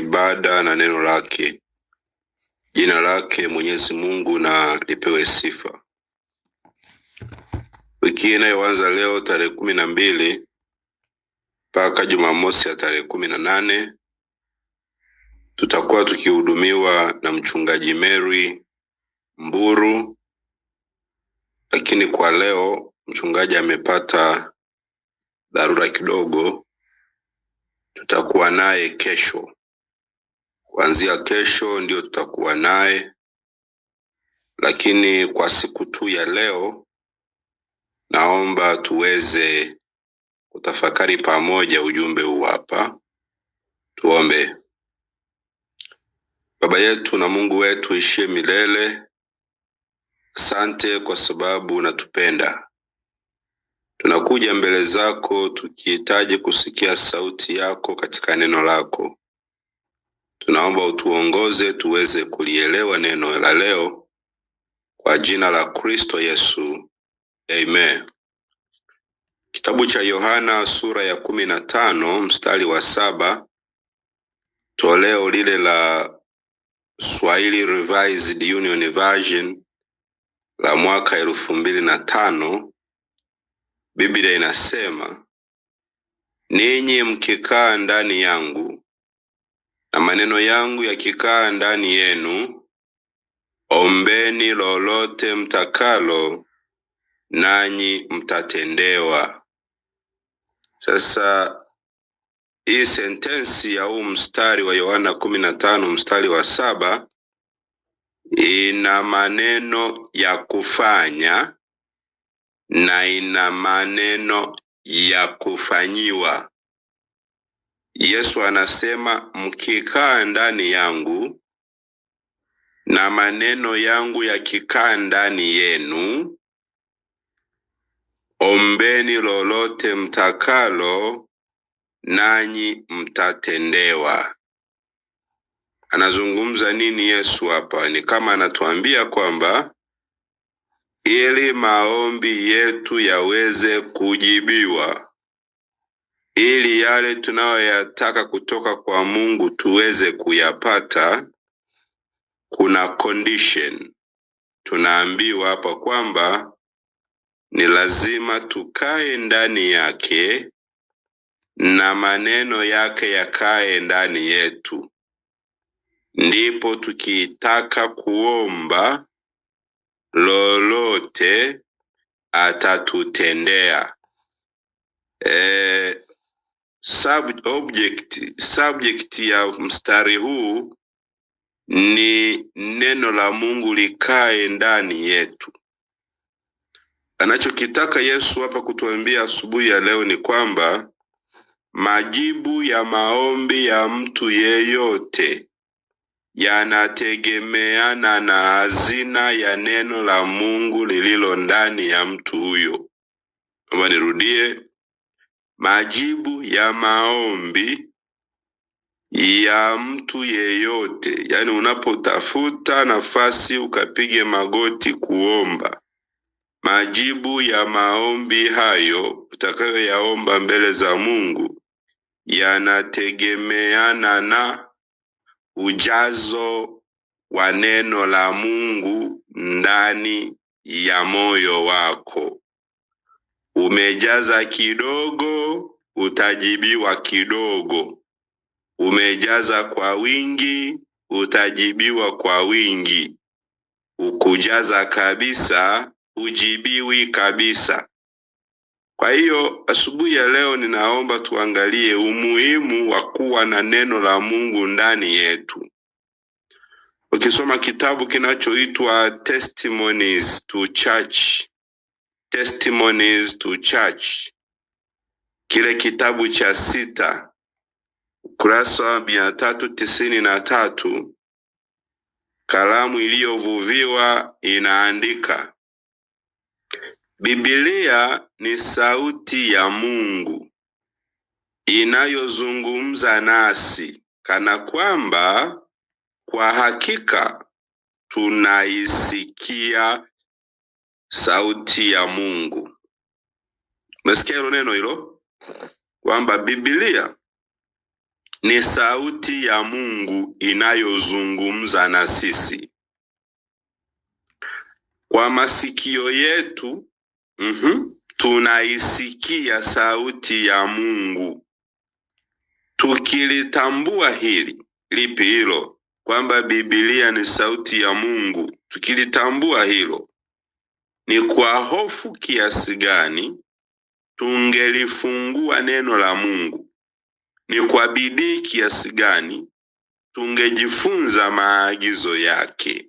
ibada na neno lake. Jina lake Mwenyezi Mungu na lipewe sifa. Wiki inayoanza leo tarehe kumi na mbili mpaka Jumamosi ya tarehe kumi na nane tutakuwa tukihudumiwa na mchungaji Mary Mburu, lakini kwa leo mchungaji amepata dharura kidogo, tutakuwa naye kesho kuanzia kesho ndio tutakuwa naye, lakini kwa siku tu ya leo naomba tuweze kutafakari pamoja ujumbe huu hapa. Tuombe. Baba yetu na Mungu wetu ishie milele, asante kwa sababu unatupenda. Tunakuja mbele zako tukihitaji kusikia sauti yako katika neno lako. Tunaomba utuongoze tuweze kulielewa neno la leo kwa jina la Kristo Yesu, amen. Kitabu cha Yohana sura ya kumi na tano mstari wa saba toleo lile la Swahili Revised Union Version la mwaka elfu mbili na tano Biblia inasema, ninyi mkikaa ndani yangu na maneno yangu yakikaa ndani yenu, ombeni lolote mtakalo, nanyi mtatendewa. Sasa hii sentensi ya huu mstari wa Yohana kumi na tano mstari wa saba ina maneno ya kufanya na ina maneno ya kufanyiwa. Yesu anasema mkikaa ndani yangu na maneno yangu yakikaa ndani yenu, ombeni lolote mtakalo, nanyi mtatendewa. Anazungumza nini Yesu hapa? Ni kama anatuambia kwamba ili maombi yetu yaweze kujibiwa ili yale tunayoyataka kutoka kwa Mungu tuweze kuyapata, kuna condition. Tunaambiwa hapa kwamba ni lazima tukae ndani yake na maneno yake yakae ndani yetu, ndipo tukitaka kuomba lolote atatutendea. E, sub object, subject ya mstari huu ni neno la Mungu likae ndani yetu. Anachokitaka Yesu hapa kutuambia asubuhi ya leo ni kwamba majibu ya maombi ya mtu yeyote yanategemeana na hazina ya neno la Mungu lililo ndani ya mtu huyo. Naomba nirudie. Majibu ya maombi ya mtu yeyote, yaani unapotafuta nafasi ukapige magoti kuomba, majibu ya maombi hayo utakayoyaomba mbele za Mungu yanategemeana na ujazo wa neno la Mungu ndani ya moyo wako. Umejaza kidogo, utajibiwa kidogo. Umejaza kwa wingi, utajibiwa kwa wingi. Ukujaza kabisa, hujibiwi kabisa. Kwa hiyo asubuhi ya leo ninaomba tuangalie umuhimu wa kuwa na neno la Mungu ndani yetu. Ukisoma kitabu kinachoitwa Testimonies to Church Testimonies to Church, kile kitabu cha sita ukurasa wa mia tatu tisini na tatu kalamu iliyovuviwa inaandika Biblia ni sauti ya Mungu inayozungumza nasi kana kwamba kwa hakika tunaisikia sauti ya Mungu. Umesikia hilo neno hilo, kwamba Biblia ni sauti ya Mungu inayozungumza na sisi kwa masikio yetu. mm -hmm, tunaisikia sauti ya Mungu. Tukilitambua hili lipi hilo, kwamba Biblia ni sauti ya Mungu, tukilitambua hilo ni kwa hofu kiasi gani tungelifungua neno la Mungu, ni kwa bidii kiasi gani tungejifunza maagizo yake.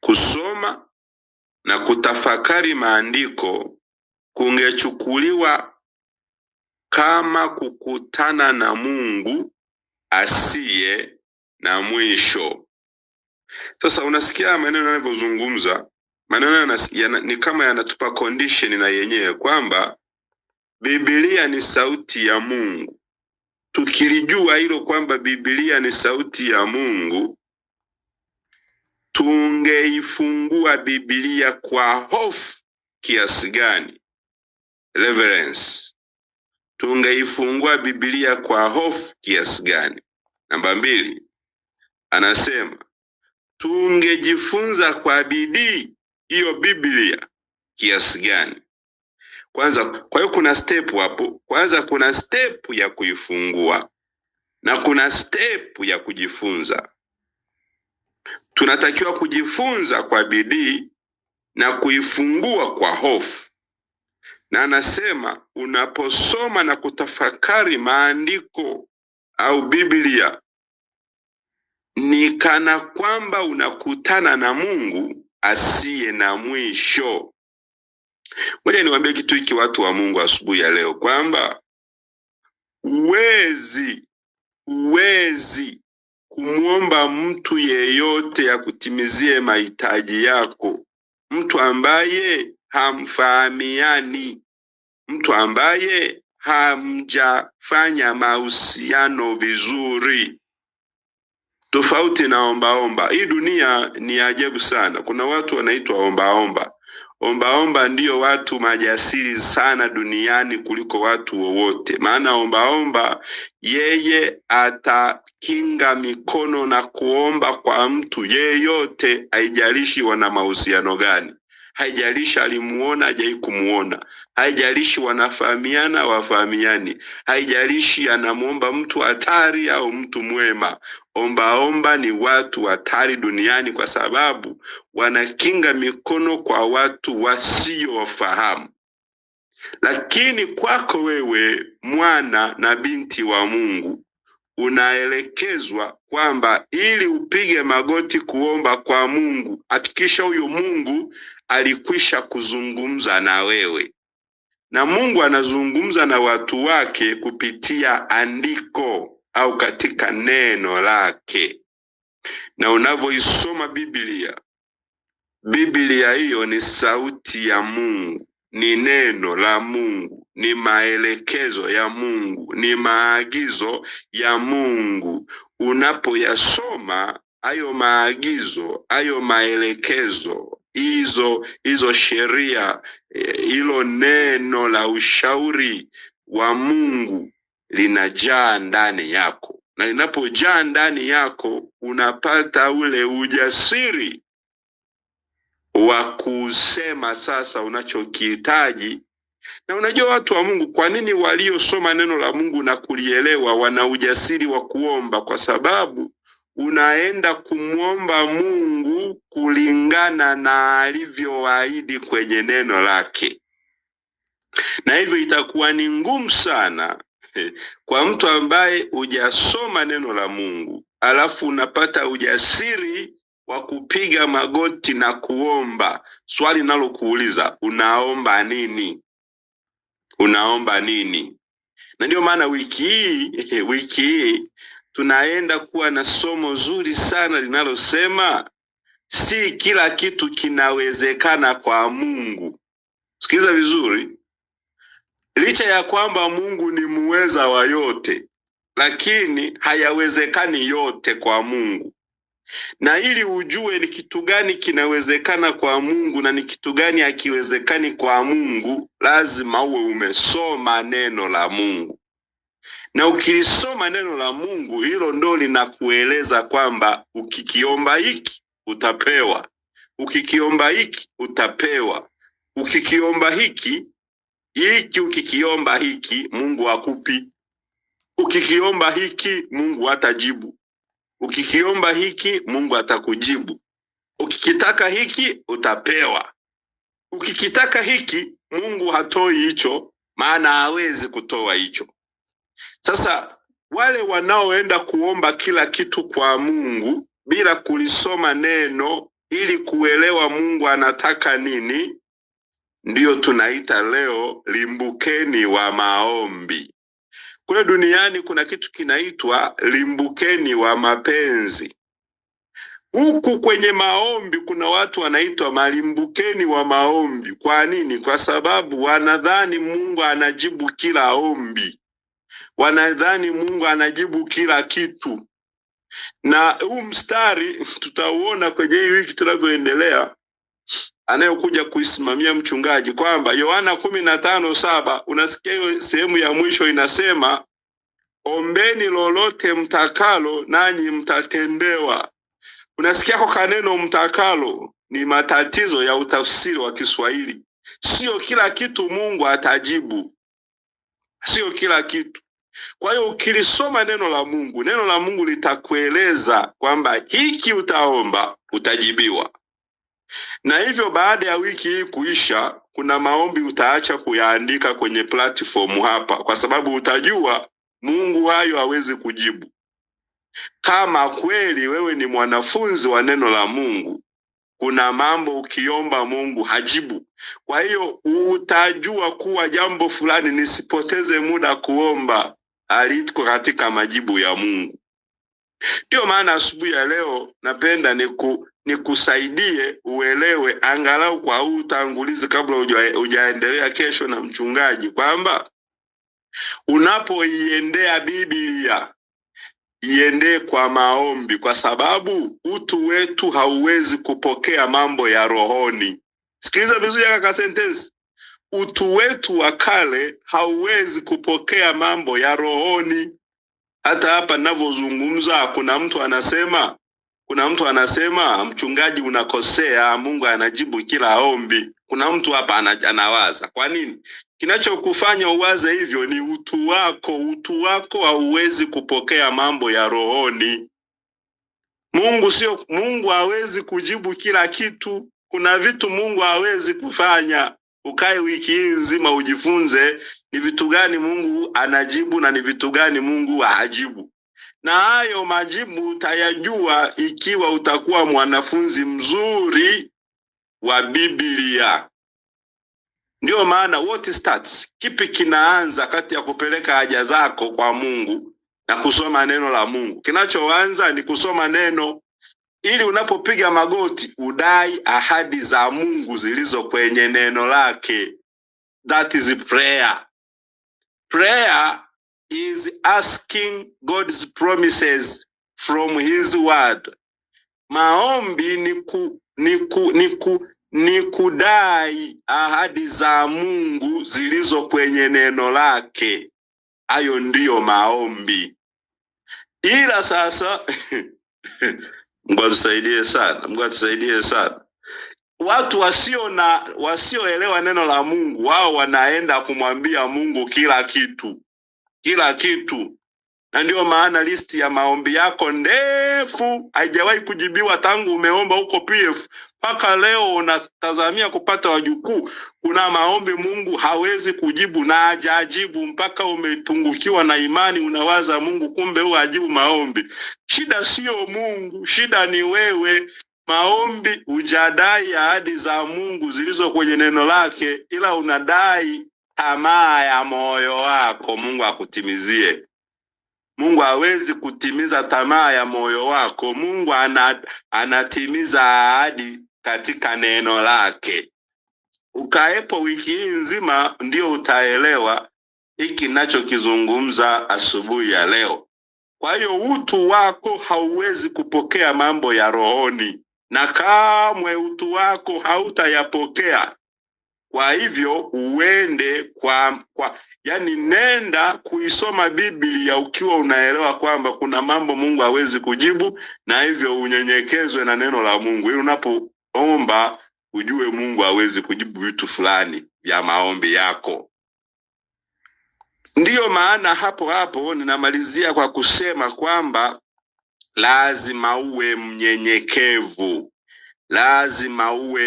Kusoma na kutafakari maandiko kungechukuliwa kama kukutana na Mungu asiye na mwisho. Sasa unasikia maneno yanavyozungumza maneno ni kama yanatupa condition na yenyewe kwamba Biblia ni sauti ya Mungu. Tukilijua hilo kwamba Biblia ni sauti ya Mungu, tungeifungua Biblia kwa hofu kiasi gani? Reverence, tungeifungua Biblia kwa hofu kiasi gani? Namba mbili, anasema tungejifunza kwa bidii hiyo Biblia kiasi gani? Kwanza, kwa hiyo kuna step hapo. Kwanza kuna step ya kuifungua na kuna step ya kujifunza. Tunatakiwa kujifunza kwa bidii na kuifungua kwa hofu, na anasema unaposoma na kutafakari maandiko au Biblia ni kana kwamba unakutana na Mungu asiye na mwisho. Ngoja niwaambie kitu hiki, watu wa Mungu, asubuhi ya leo kwamba huwezi huwezi kumwomba mtu yeyote akutimizie mahitaji yako, mtu ambaye hamfahamiani, mtu ambaye hamjafanya mahusiano vizuri tofauti na ombaomba. Hii dunia ni ajabu sana. Kuna watu wanaitwa ombaomba. Ombaomba ndiyo watu majasiri sana duniani kuliko watu wowote, maana ombaomba yeye atakinga mikono na kuomba kwa mtu yeyote, haijalishi wana mahusiano gani haijalishi alimuona hajai kumuona, haijalishi wanafahamiana wafahamiani, haijalishi anamwomba mtu hatari au mtu mwema. Ombaomba ni watu hatari duniani, kwa sababu wanakinga mikono kwa watu wasiofahamu. Lakini kwako wewe mwana na binti wa Mungu unaelekezwa kwamba ili upige magoti kuomba kwa Mungu, hakikisha huyo Mungu alikwisha kuzungumza na wewe, na Mungu anazungumza na watu wake kupitia andiko au katika neno lake. Na unavyoisoma Biblia, Biblia hiyo ni sauti ya Mungu, ni neno la Mungu ni maelekezo ya Mungu, ni maagizo ya Mungu. Unapoyasoma hayo maagizo, hayo maelekezo, hizo hizo sheria, eh, hilo neno la ushauri wa Mungu linajaa ndani yako, na linapojaa ndani yako unapata ule ujasiri wa kusema sasa unachokihitaji na unajua watu wa Mungu, kwa nini waliosoma neno la Mungu na kulielewa wana ujasiri wa kuomba? Kwa sababu unaenda kumwomba Mungu kulingana na alivyoahidi kwenye neno lake, na hivyo itakuwa ni ngumu sana kwa mtu ambaye hujasoma neno la Mungu alafu unapata ujasiri wa kupiga magoti na kuomba. Swali nalokuuliza, unaomba nini? unaomba nini? Na ndiyo maana wiki hii wiki hii tunaenda kuwa na somo zuri sana linalosema si kila kitu kinawezekana kwa Mungu. Sikiliza vizuri, licha ya kwamba Mungu ni muweza wa yote, lakini hayawezekani yote kwa Mungu na ili ujue ni kitu gani kinawezekana kwa Mungu na ni kitu gani hakiwezekani kwa Mungu, lazima uwe umesoma neno la Mungu, na ukilisoma neno la Mungu hilo ndo linakueleza kwamba ukikiomba hiki utapewa, ukikiomba hiki utapewa, ukikiomba hiki hiki, ukikiomba hiki Mungu akupi ukikiomba hiki Mungu hatajibu Ukikiomba hiki Mungu atakujibu, ukikitaka hiki utapewa, ukikitaka hiki Mungu hatoi hicho, maana hawezi kutoa hicho. Sasa wale wanaoenda kuomba kila kitu kwa Mungu bila kulisoma neno ili kuelewa Mungu anataka nini, ndiyo tunaita leo limbukeni wa maombi. Kule duniani kuna kitu kinaitwa limbukeni wa mapenzi. Huku kwenye maombi kuna watu wanaitwa malimbukeni wa maombi. Kwa nini? Kwa sababu wanadhani Mungu anajibu kila ombi, wanadhani Mungu anajibu kila kitu. Na huu mstari tutauona kwenye hii wiki tunavyoendelea anayekuja kuisimamia mchungaji, kwamba Yohana kumi na tano saba unasikia hiyo sehemu ya mwisho inasema, ombeni lolote mtakalo nanyi mtatendewa. Unasikia kwa kaneno mtakalo, ni matatizo ya utafsiri wa Kiswahili. Sio kila kitu Mungu atajibu, sio kila kitu. Kwa hiyo ukilisoma neno la Mungu, neno la Mungu litakueleza kwamba hiki utaomba utajibiwa na hivyo baada ya wiki hii kuisha, kuna maombi utaacha kuyaandika kwenye platform hapa, kwa sababu utajua Mungu hayo hawezi kujibu. Kama kweli wewe ni mwanafunzi wa neno la Mungu, kuna mambo ukiomba Mungu hajibu. Kwa hiyo utajua kuwa jambo fulani, nisipoteze muda kuomba, aliko katika majibu ya Mungu. Ndiyo maana asubuhi ya leo napenda ku, nikusaidie uelewe angalau kwa huu utangulizi kabla uja, kesho na mchungaji kwamba unapoiendea Biblia iendee kwa maombi, kwa sababu utu wetu hauwezi kupokea mambo ya rohoni. Sikiliza vizuri kaka sentence, utu wetu wa kale hauwezi kupokea mambo ya rohoni. Hata hapa ninavyozungumza kuna mtu anasema kuna mtu anasema mchungaji, unakosea, Mungu anajibu kila ombi. Kuna mtu hapa anawaza kwa nini? Kinachokufanya uwaze hivyo ni utu wako. Utu wako hauwezi kupokea mambo ya rohoni. Mungu sio Mungu, hawezi kujibu kila kitu. Kuna vitu Mungu hawezi kufanya. Ukae wiki hii nzima ujifunze ni vitu gani Mungu anajibu na ni vitu gani Mungu hajibu na hayo majibu utayajua ikiwa utakuwa mwanafunzi mzuri wa Biblia. Ndiyo maana what starts, kipi kinaanza kati ya kupeleka haja zako kwa Mungu na kusoma neno la Mungu? Kinachoanza ni kusoma neno, ili unapopiga magoti udai ahadi za Mungu zilizo kwenye neno lake. That is prayer. Prayer is asking God's promises from his word. Maombi ni, ku, ni, ku, ni, ku, ni kudai ahadi za Mungu zilizo kwenye neno lake. Hayo ndiyo maombi. Ila sasa Mungu atusaidie sana, Mungu atusaidie sana. Watu wasio na wasioelewa neno la Mungu, wao wanaenda kumwambia Mungu kila kitu kila kitu, na ndiyo maana listi ya maombi yako ndefu haijawahi kujibiwa tangu umeomba huko PF mpaka leo unatazamia kupata wajukuu. Kuna maombi Mungu hawezi kujibu na hajajibu, mpaka umetungukiwa na imani, unawaza Mungu, kumbe huwa hajibu maombi. Shida siyo Mungu, shida ni wewe. Maombi hujadai ahadi za Mungu zilizo kwenye neno lake, ila unadai tamaa ya moyo wako Mungu akutimizie. Mungu hawezi kutimiza tamaa ya moyo wako. Mungu ana, anatimiza ahadi katika neno lake. Ukaepo wiki hii nzima, ndio utaelewa hiki nachokizungumza asubuhi ya leo. Kwa hiyo utu wako hauwezi kupokea mambo ya rohoni, na kamwe utu wako hautayapokea kwa hivyo uende kwa, kwa yani nenda kuisoma Biblia ukiwa unaelewa kwamba kuna mambo Mungu hawezi kujibu, na hivyo unyenyekezwe na neno la Mungu ili unapoomba ujue Mungu hawezi kujibu vitu fulani vya maombi yako. Ndiyo maana hapo hapo ninamalizia kwa kusema kwamba lazima uwe mnyenyekevu lazima uwe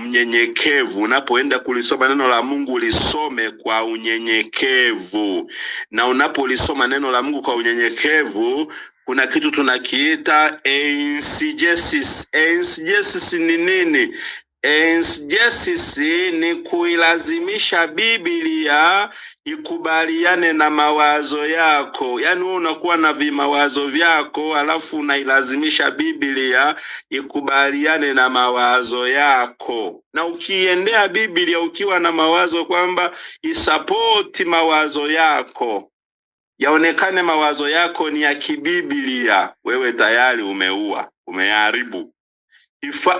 mnyenyekevu. Unapoenda kulisoma neno la Mungu lisome kwa unyenyekevu, na unapolisoma neno la Mungu kwa unyenyekevu, kuna kitu tunakiita eisegesis. Eisegesis ni nini? Ens ni kuilazimisha Biblia ikubaliane na mawazo yako, yaani wewe unakuwa na vimawazo vyako, alafu unailazimisha Biblia ikubaliane na mawazo yako. Na ukiendea Biblia ukiwa na mawazo kwamba isapoti mawazo yako, yaonekane mawazo yako ni ya kibiblia, wewe tayari umeua, umeharibu ifa,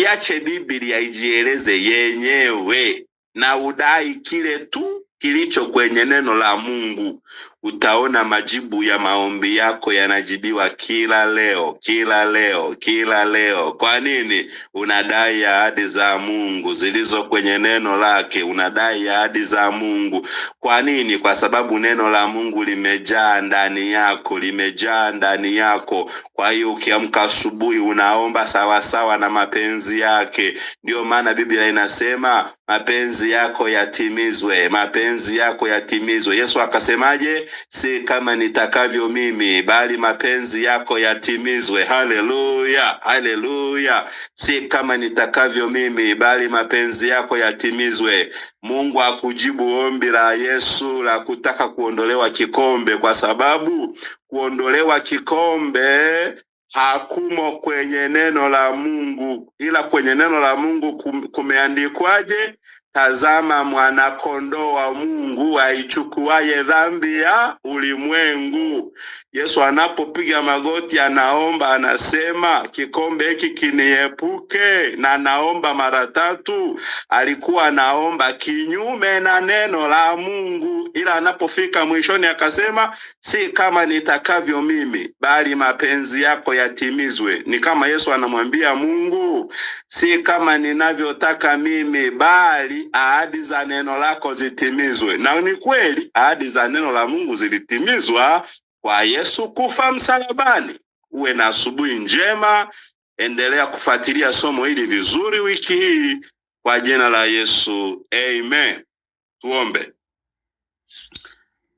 iache Biblia ijieleze yenyewe na udai kile tu kilicho kwenye neno la Mungu, utaona majibu ya maombi yako yanajibiwa kila leo, kila leo, kila leo. Kwa nini? Unadai ahadi za Mungu zilizo kwenye neno lake, unadai ahadi za Mungu. Kwa nini? Kwa sababu neno la Mungu limejaa ndani yako, limejaa ndani yako. Kwa hiyo ukiamka asubuhi, unaomba sawasawa sawa na mapenzi yake. Ndiyo maana Biblia inasema mapenzi yako yatimizwe, mapenzi mapenzi yako yatimizwe. Yesu akasemaje? Si kama nitakavyo mimi, bali mapenzi yako yatimizwe. Haleluya, haleluya! Si kama nitakavyo mimi, bali mapenzi yako yatimizwe. Mungu akujibu ombi la Yesu la kutaka kuondolewa kikombe, kwa sababu kuondolewa kikombe hakumo kwenye neno la Mungu, ila kwenye neno la Mungu kumeandikwaje? Tazama mwanakondoo wa Mungu aichukuaye dhambi ya ulimwengu. Yesu anapopiga magoti, anaomba, anasema kikombe hiki kiniepuke, na anaomba mara tatu. Alikuwa anaomba kinyume na neno la Mungu, ila anapofika mwishoni akasema, si kama nitakavyo mimi, bali mapenzi yako yatimizwe. Ni kama Yesu anamwambia Mungu, si kama ninavyotaka mimi, bali ahadi za neno lako zitimizwe. Na ni kweli ahadi za neno la Mungu zilitimizwa kwa Yesu kufa msalabani. Uwe na asubuhi njema, endelea kufuatilia somo hili vizuri wiki hii kwa jina la Yesu, amen. Tuombe.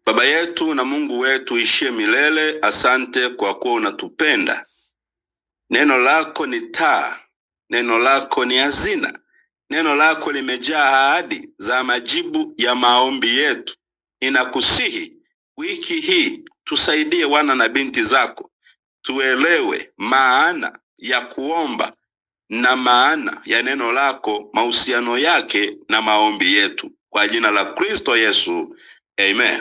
Baba yetu na Mungu wetu ishie milele, asante kwa kuwa unatupenda. Neno lako ni taa, neno lako ni hazina Neno lako limejaa ahadi za majibu ya maombi yetu. Ninakusihi wiki hii tusaidie wana na binti zako tuelewe maana ya kuomba na maana ya neno lako, mahusiano yake na maombi yetu, kwa jina la Kristo Yesu, amen.